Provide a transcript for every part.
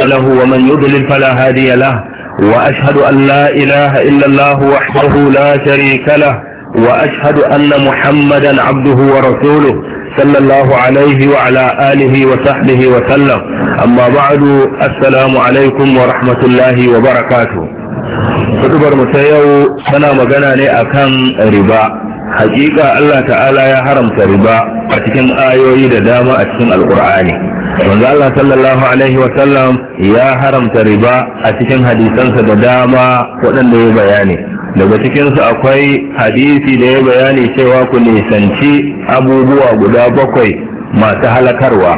له ومن يضلل فلا هادي له وأشهد أن لا إله إلا الله وحده لا شريك له وأشهد أن محمدا عبده ورسوله صلى الله عليه وعلى آله وصحبه وسلم أما بعد السلام عليكم ورحمة الله وبركاته kutubar mu ta yau tana magana ne akan riba hakika Allah ta'ala ya haramta riba a cikin ayoyi da dama a cikin alkur'ani manzo Allah sallallahu alaihi wa sallam ya haramta riba a cikin hadisansa da dama waɗanda ya bayani daga cikinsu akwai hadisi da ya bayani cewa ku nisanci abubuwa guda bakwai masu halakarwa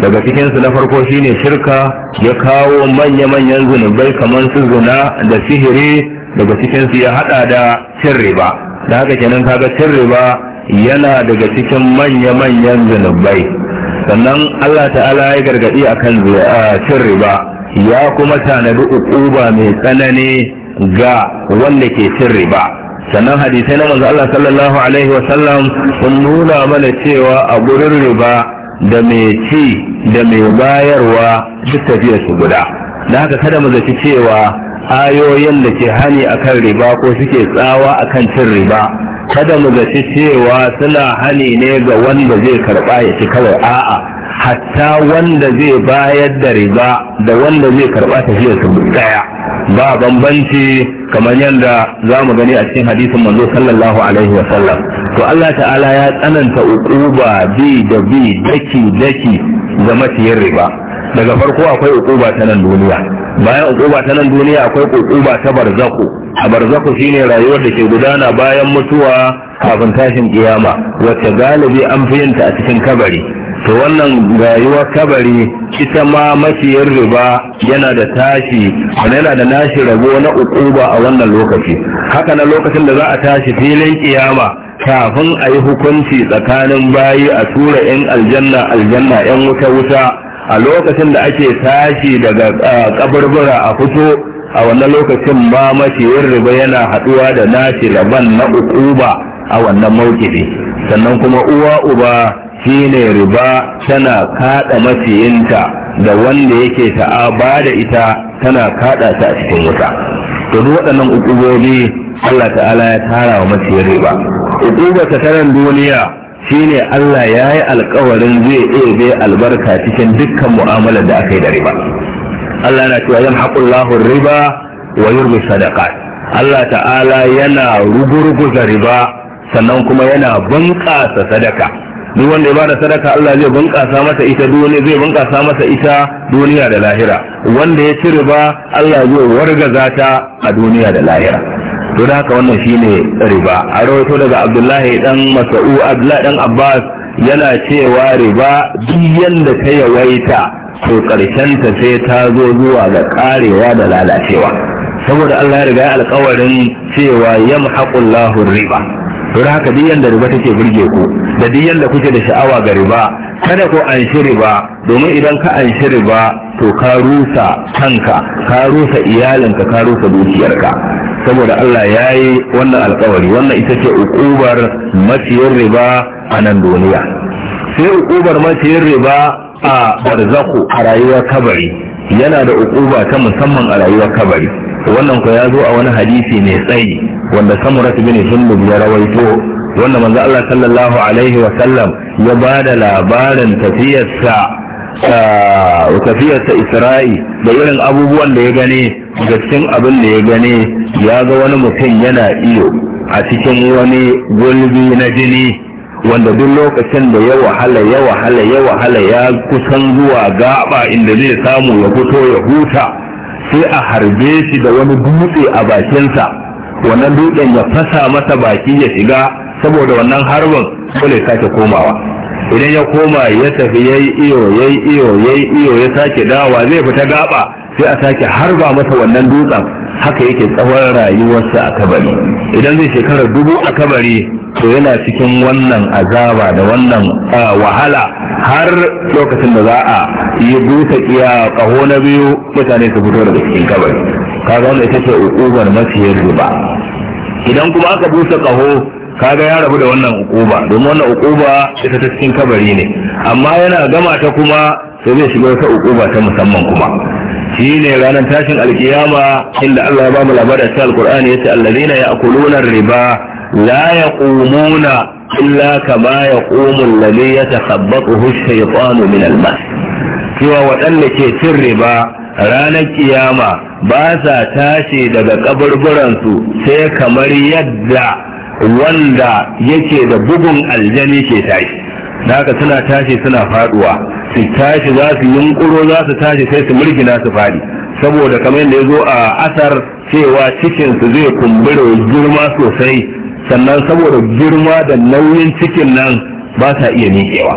daga cikinsu na farko shine shirka ya kawo manya-manyan zunubai kamar su zina da sihiri daga cikinsu ya hada da cin riba da haka kenan kaga cin riba yana daga cikin manya-manyan zunubai sannan Allah ta'ala ya gargadi akan cin riba ya kuma tanadi ukuba mai tsanani ga wanda ke cin riba sannan hadisai na manzo Allah sallallahu alaihi wa sallam sun nuna mana cewa a gurin riba da mai ci da mai bayarwa duk tafiya su guda da haka kada mu zaci cewa ayoyin da ke hani akan riba ko suke tsawa akan cin riba kada mu gaci cewa suna hani ne ga wanda zai karba ya ci kawai a'a hatta wanda zai bayar da riba da wanda zai karba tafiya su daya ba bambanci kamar yadda za mu gani a cikin hadisin manzo sallallahu alaihi wa sallam to Allah ta'ala ya tsananta uquba bi da bi daki daki ga maciyin riba daga farko akwai ukuba ta nan duniya bayan ukuba ta nan duniya akwai ukuba ta barzaku a barzaku shine rayuwar da ke gudana bayan mutuwa kafin tashin kiyama wacce galibi an fi yinta a cikin kabari to wannan rayuwar kabari ita ma maciyin riba yana da tashi yana da nashi rabo na ukuba a wannan lokaci haka na lokacin da za a tashi filin kiyama kafin a yi hukunci tsakanin bayi a tura 'yan aljanna aljanna 'yan wuta wuta a lokacin da ake tashi daga kaburbura a fito a wannan lokacin ma maciyar riba yana haɗuwa da nashi rabon na ukuba a wannan maukifi sannan kuma uwa uba shine riba tana kaɗa maciyinta da wanda yake ta'aba da ita tana kaɗa ta a cikin wuta to duk waɗannan ukubobi Allah ta'ala ya tara wa maciyin riba ukubar ta duniya shine Allah ya yi alkawarin zai iya bai albarka cikin dukkan mu'amalar da aka yi da riba Allah na cewa yan haƙullahu riba wa yurmi sadaka Allah ta'ala yana rugurguza riba sannan kuma yana bunƙasa sadaka duk wanda ya bada sadaka Allah zai bunƙasa masa ita duniya zai bunƙasa masa ita duniya da lahira wanda ya ci riba Allah zai wargaza ta a duniya da lahira to da haka wannan shine riba a rawaito daga abdullahi dan mas'u abdullahi dan abbas yana cewa riba duk yanda ta yawaita to karshen ta sai ta zo zuwa ga karewa da lalacewa saboda Allah ya riga alƙawarin cewa yamhaqullahu riba don haka duk yanda riba take burge ku da duk yanda kuke da sha'awa ga riba kada ku an shi riba domin idan ka an shi riba to ka rusa kanka ka rusa iyalinka ka rusa dukiyarka saboda Allah ya yi wannan alkawari wannan ita ce ukubar maciyar riba a nan duniya sai ukubar maciyar riba a Barzaku a rayuwar kabari yana da uquba ta musamman a rayuwar kabari wannan ko ya zo a wani hadisi mai tsayi wanda samurat bin hindub ya rawaito wanda manzo Allah sallallahu alaihi wa sallam ya bada labarin tafiyarsa ah, ta Isra'i da irin abubuwan da ya gane da cikin abin da ya gane ya ga wani mutum yana iyo a cikin wani gulbi na jini wanda duk lokacin da ya wahala ya wahala ya wahala ya kusan zuwa gaba inda zai samu ya fito ya huta sai a harbe shi da wani dutse a bakinsa wannan dutsen ya fasa masa baki ya shiga saboda wannan harbin dole sake komawa idan ya koma ya tafi yayi iyo yayi iyo yayi iyo ya sake dawa zai fita gaba sai a sake harba masa wannan dutsen haka yake tsawon rayuwarsa a kabari idan zai shekarar dubu a kabari to yana cikin wannan azaba da wannan wahala har lokacin da za a yi busa iya kaho na biyu mutane su fito daga cikin kabari kaga wanda ita ce ukubar masiyar riba idan kuma aka busa kaho kaga ya rabu da wannan ukuba domin wannan ukuba ita ta cikin kabari ne amma yana gama ta kuma sai zai shiga wata ukuba ta musamman kuma Shi ne ranar tashin alkiyama inda Allah ba mu labarin ta alkur'ani yace allazina ya'kuluna riba la ƙumuna illa kama ya alladhi yatakhabbathu ya shaytanu min al-mas cewa waɗanda ke cin riba ranar kiyama ba sa tashi daga kaburburansu sai kamar yadda wanda yake da bugun aljani ke tashi da haka suna tashi suna faduwa su tashi za su yunkuro za su tashi sai su mulkina su fadi saboda kamar yadda ya zo a asar cewa cikin su zai kumbura girma sosai sannan saboda girma da nauyin cikin nan ba sa iya miƙewa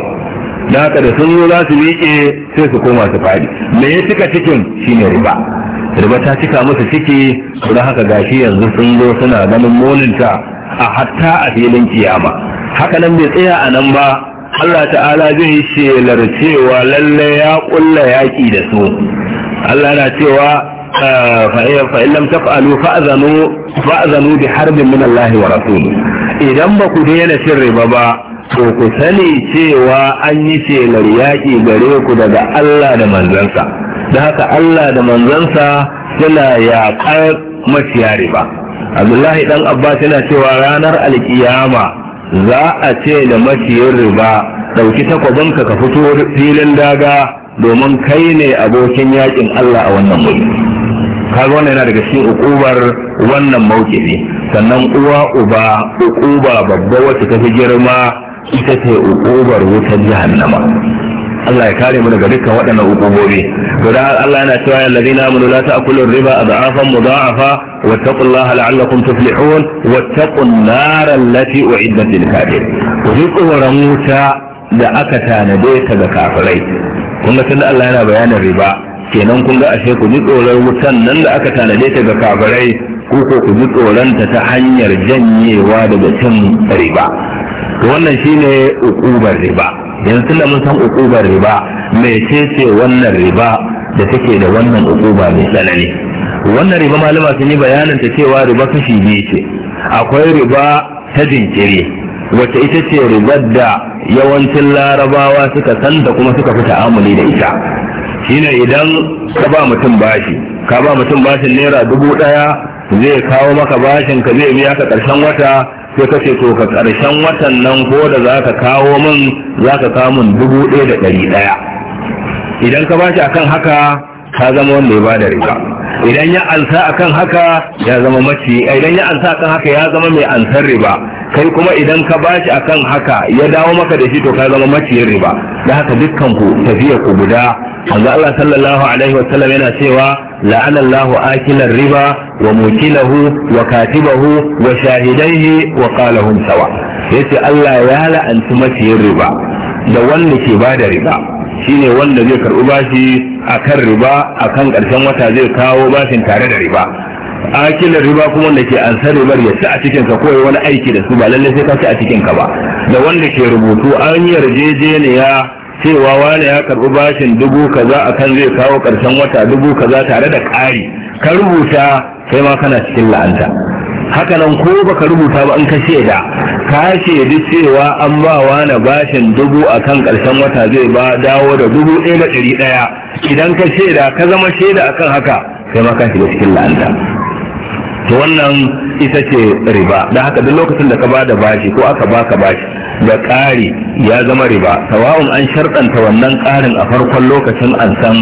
da haka da sun zo za su miƙe sai su koma su fadi me ya cika cikin shine riba riba ta cika musu ciki don haka gashi yanzu sun zo suna ganin molinta a hatta a filin kiyama haka nan bai tsaya a nan ba Allah ta'ala zai shelar cewa lalle ya kulla yaki da su Allah na cewa ah, fa in lam taf'alu fa'zanu bi harbin min Allah wa rasuli idan ba ku daina cin riba ba to ku sani cewa an yi shelar yaki gare ku daga Allah da manzansa da haka Allah da manzansa suna yaƙar maciya riba Abdullahi dan Abbas yana cewa ranar alkiyama za a ce da maciyin riba ɗauki takwabinka ka fito filin daga domin kai ne abokin yakin Allah a wannan wuri Ka wannan yana daga cikin ukubar wannan ne sannan uwa uba ukuba babba wacce ta fi girma ita ce ukubar wutar jahannama Allah ya kare mu daga dukkan waɗannan hukumomi to da Allah yana cewa ya ladina amanu la ta'kulu riba ad'afan mudha'afa wattaqullaha la'allakum tuflihun wattaqun nar allati u'iddat lil kafirin ku ji tsoron wuta da aka tanade ta ga kafirai kun ga tunda Allah yana bayanin riba kenan kun ga ashe ku ji tsoron wutan nan da aka tanade ta ga kafirai ko ku ji tsoronta ta hanyar janyewa daga cin riba wannan shine ukubar riba yanzu da mun san ukubar riba mai ce wannan riba da take da wannan ukuba mai tsanani wannan riba malama sun yi bayanin ta cewa riba shi biyu ce akwai riba ta jinkiri wacce ita ce ribar da yawancin larabawa suka san da kuma suka fi ta'amuli da ita shine idan ka ba mutum bashi ka ba mutum bashin naira dubu daya zai kawo maka bashin ka zai biya ka karshen wata sai ka ce to ka karshen watan nan ko da za ka kawo min za ka kawo min dubu ɗaya da ɗari ɗaya idan ka ba shi akan haka ka zama wanda ya bada riba idan ya ansa akan haka ya zama maci idan ya ansa akan haka ya zama mai ansar riba kai kuma idan ka bashi akan haka ya dawo maka da shi to ka zama maciyin riba da haka dukkan ku tafiya ku guda manzo Allah sallallahu alaihi wa sallam yana cewa la'ana Allahu akilar riba wa mutilahu wa katibahu wa shahidaihi wa qalahum sawa yace Allah ya la'anci maciyin riba da wanda ke bada riba shine wanda zai karɓi bashi akan riba akan ƙarshen wata zai kawo bashin tare da riba akilar riba kuma wanda ke ansar ribar ya ci a cikin ka koyi wani aiki da su ba lallai sai ka ci a cikin ka ba da wanda ke rubutu an yarjejeniya cewa wani ya karɓi bashin dubu kaza akan zai kawo ƙarshen wata dubu kaza tare da ƙari ka rubuta sai ma kana cikin la'anta haka nan ko baka rubuta ba in ka shaida ka shaidi cewa an ba wani bashin dubu a kan ƙarshen wata zai ba dawo da dubu ɗaya da ɗari ɗaya idan ka shaida ka zama shaida akan haka sai ma ka shiga cikin la'anta to wannan ita ce riba na haka duk lokacin da ka ba da bashi ko aka baka bashi da ƙari ya zama riba tawa'un an sharɗanta wannan ƙarin a farkon lokacin an san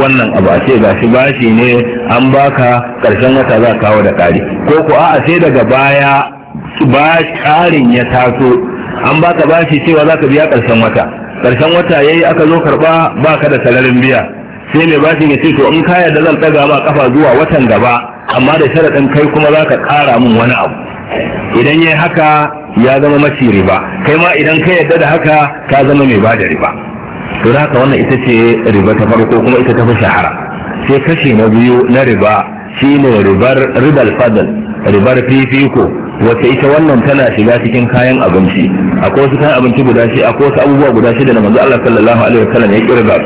wannan abu a ce bashi ne an baka ƙarshen wata za kawo da ƙari ko ko a sai daga baya ba ƙarin ya taso an baka bashi cewa za ka biya ƙarshen wata ƙarshen wata ya yi aka zo karɓa ka da salarin biya sai mai bashin ya ce to in kaya da zan ɗaga ma kafa zuwa watan gaba amma da sharaɗin kai kuma za ka ƙara min wani abu idan ya haka ya zama maci riba kai ma idan ka yadda da haka ka zama mai ba da riba to da haka wannan ita ce riba ta farko kuma ita ta fi shahara sai kashi na biyu na riba shine ribar ribal fadl ribar fifiko Wace ita wannan tana shiga cikin kayan abinci akwai wasu kayan abinci guda shi akwai wasu abubuwa guda shida da manzo Allah sallallahu alaihi wasallam ya kirga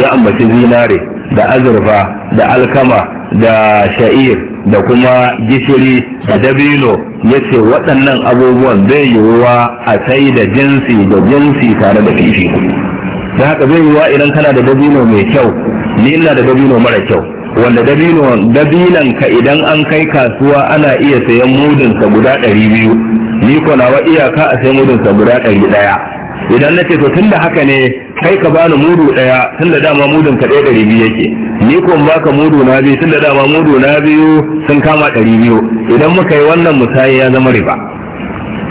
ya ambaci zinare da azurfa da alkama da sha'ir da kuma gishiri da dabino ya ce waɗannan abubuwan zai yiwuwa a sai da jinsi da jinsi tare da kishi da haka zai yiwuwa idan kana da dabino mai kyau ni ina da dabino mara kyau wanda dabino dabinan ka idan an kai kasuwa ana iya sayan mudinsa guda ɗari biyu ni ko iyaka a sayan mudinsa guda ɗari ɗaya idan na ce to tun da haka ne kai ka bani mudu daya tunda dama mudun ka daya dari biyu yake ni ko in ka mudu na biyu tunda dama mudu na biyu sun kama dari biyu idan muka yi wannan musayi ya zama riba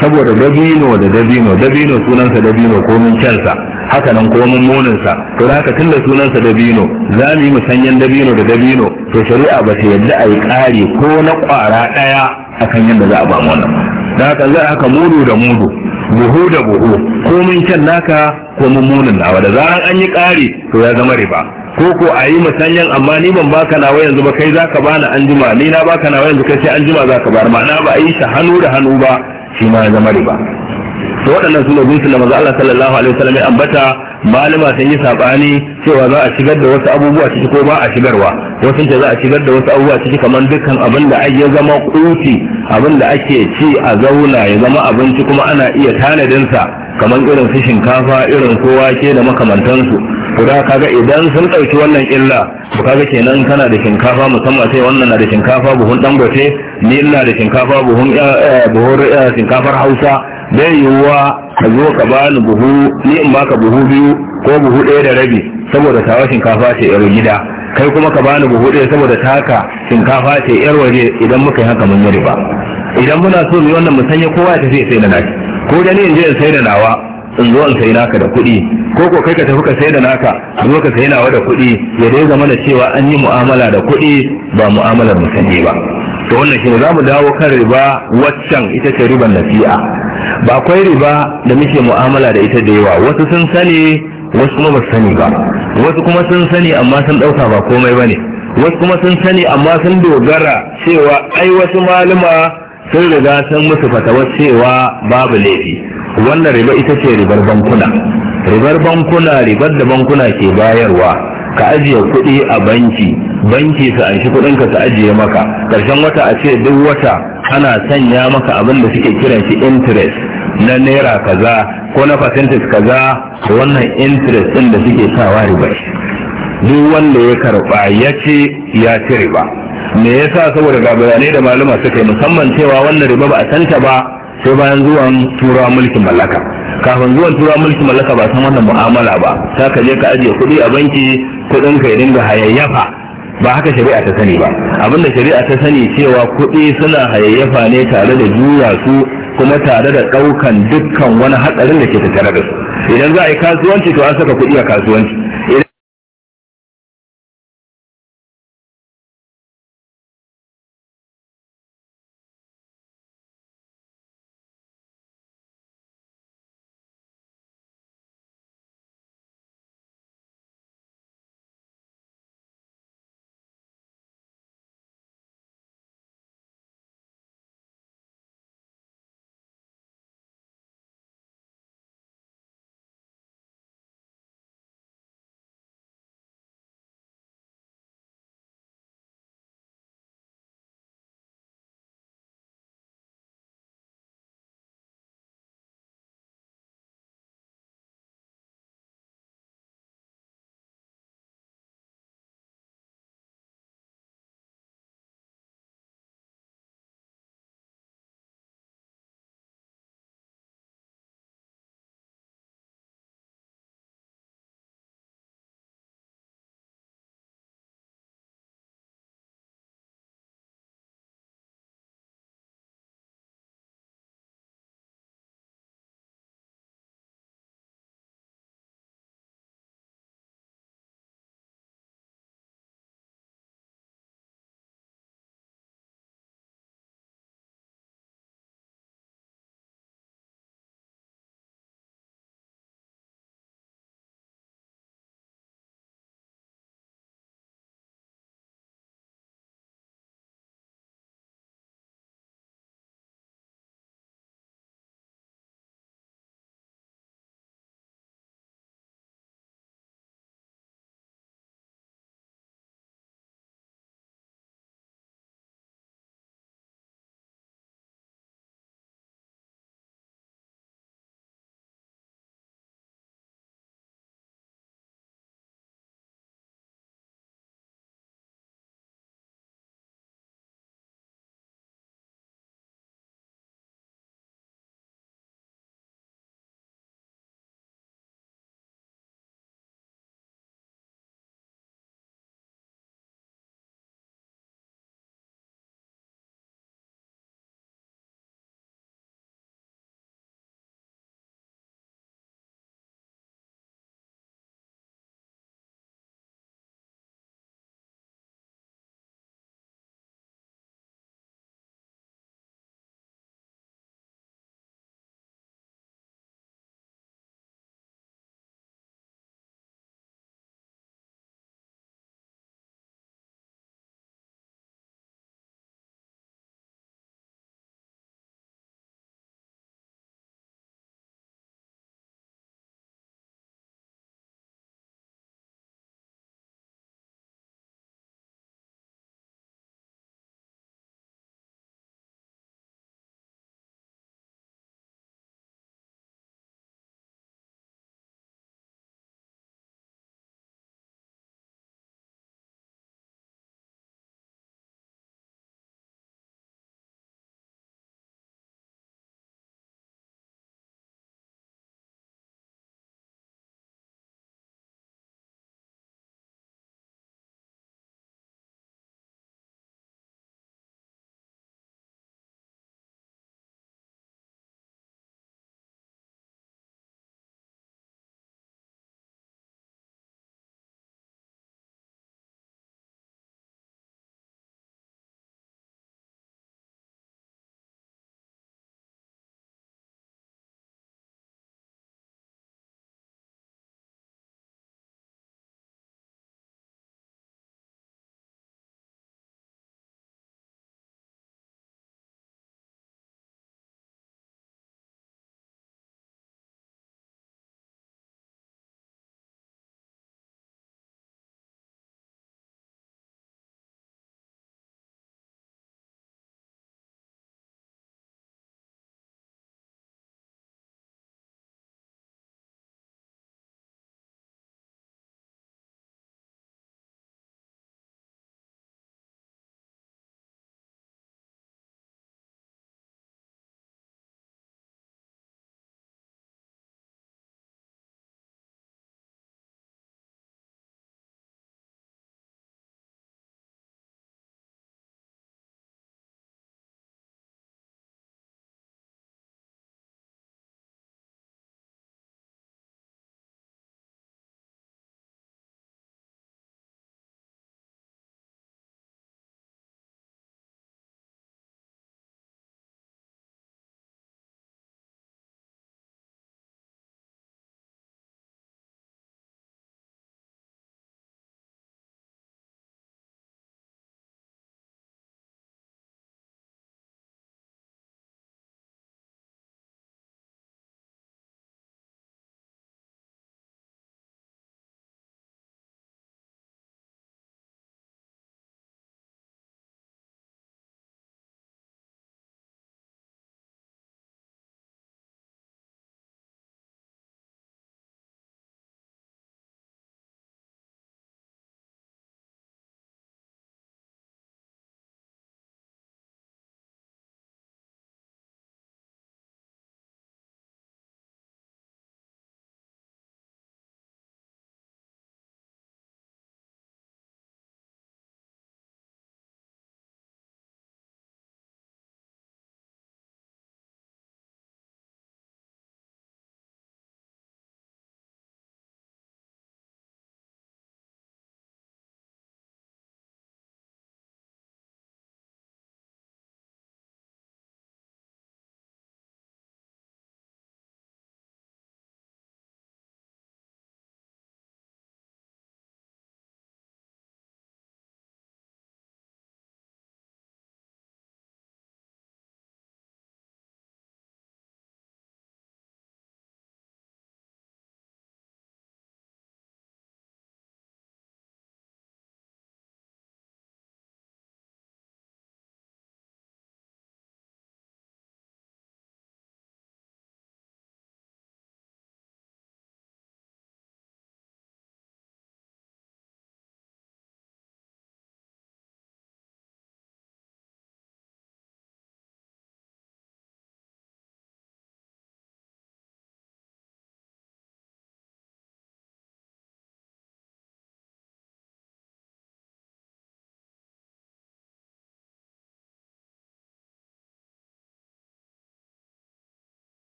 saboda dabino da dabino dabino sunansa dabino komin kyansa haka nan komin muninsa to haka tunda sunansa dabino za mu yi musanyen dabino da dabino to shari'a ba ta yadda a yi ƙari ko na kwara daya akan yadda za a ba mu wannan da haka za haka mudu da mudu buhu da buhu komin kyan naka ko mummunan nawa da zaran an yi ƙari to ya zama riba ko ko a yi musanyan amma ni ban baka nawa yanzu ba kai zaka bani an ni na baka nawa yanzu kai sai an zaka bar na ba a yi shi hannu da hannu ba shi ma ya zama riba to waɗannan su ne gunsu da maza Allah sallallahu alaihi wasallam ya ambata malama sun yi sabani cewa za a shigar da wasu abubuwa ciki ko ba a shigarwa wasu ce za a shigar da wasu abubuwa ciki kamar dukkan abin da ya zama kuti abin da ake ci a zauna ya zama abinci kuma ana iya tanadinsa kamar irin su shinkafa irin ko wake da makamantansu guda kaga idan sun ɗauki wannan illa to kaga kenan kana da shinkafa musamman sai wannan na da shinkafa buhun dangote ni ina da shinkafa buhun eh, eh, buhun eh, shinkafar hausa bai yiwuwa ka zo ka bani buhu ni in baka buhu biyu ko buhu ɗaya da rabi saboda tawa shinkafa ce yar gida kai kuma ka bani buhu ɗaya saboda taka shinkafa ce yar waje idan muka yi haka mun yi riba idan muna so mu wannan mu sanya kowa ya tafi sai da naki ko da ni in je in sai da nawa in zo in sai naka da kuɗi ko ko kai ka tafi ka sai da naka in zo ka sai nawa da kuɗi ya dai zama da cewa an yi mu'amala da kuɗi ba mu'amalar musanye ba to wannan shine za mu dawo kan riba waccan ita ce riban nasi'a ba akwai riba da muke mu'amala da ita da yawa wasu sun sani wasu kuma ba sani ba wasu kuma sun sani amma sun ɗauka ba komai ba ne wasu kuma sun sani amma sun dogara cewa ai wasu malama sun riga sun musu fatawa cewa babu laifi wannan riba ita ce ribar bankuna ribar bankuna ribar da bankuna ke bayarwa ka ajiye kuɗi a banki banki su anshi kuɗinka su ajiye maka ƙarshen wata a ce duk wata ana sanya maka abin da suke kiran shi interest na naira kaza ko na percentage kaza wannan interest ɗin da suke sawa riba duk wanda ya karɓa ya ce ya ci riba me yasa saboda ga bayanai da malama suka yi musamman cewa wannan riba ba a santa ba sai bayan zuwan turawa mulkin mallaka kafin zuwan turawa mulki mallaka ba san wannan mu'amala ba ta ka je ka ajiye kuɗi a banki kuɗin ka ya dinga hayayyafa ba haka shari'a ta sani ba abin da shari'a ta sani cewa kuɗi suna hayayyafa ne tare da juya su kuma tare da ɗaukan dukkan wani hatsarin da ke tattare da su idan za a yi kasuwanci to an saka kuɗi a kasuwanci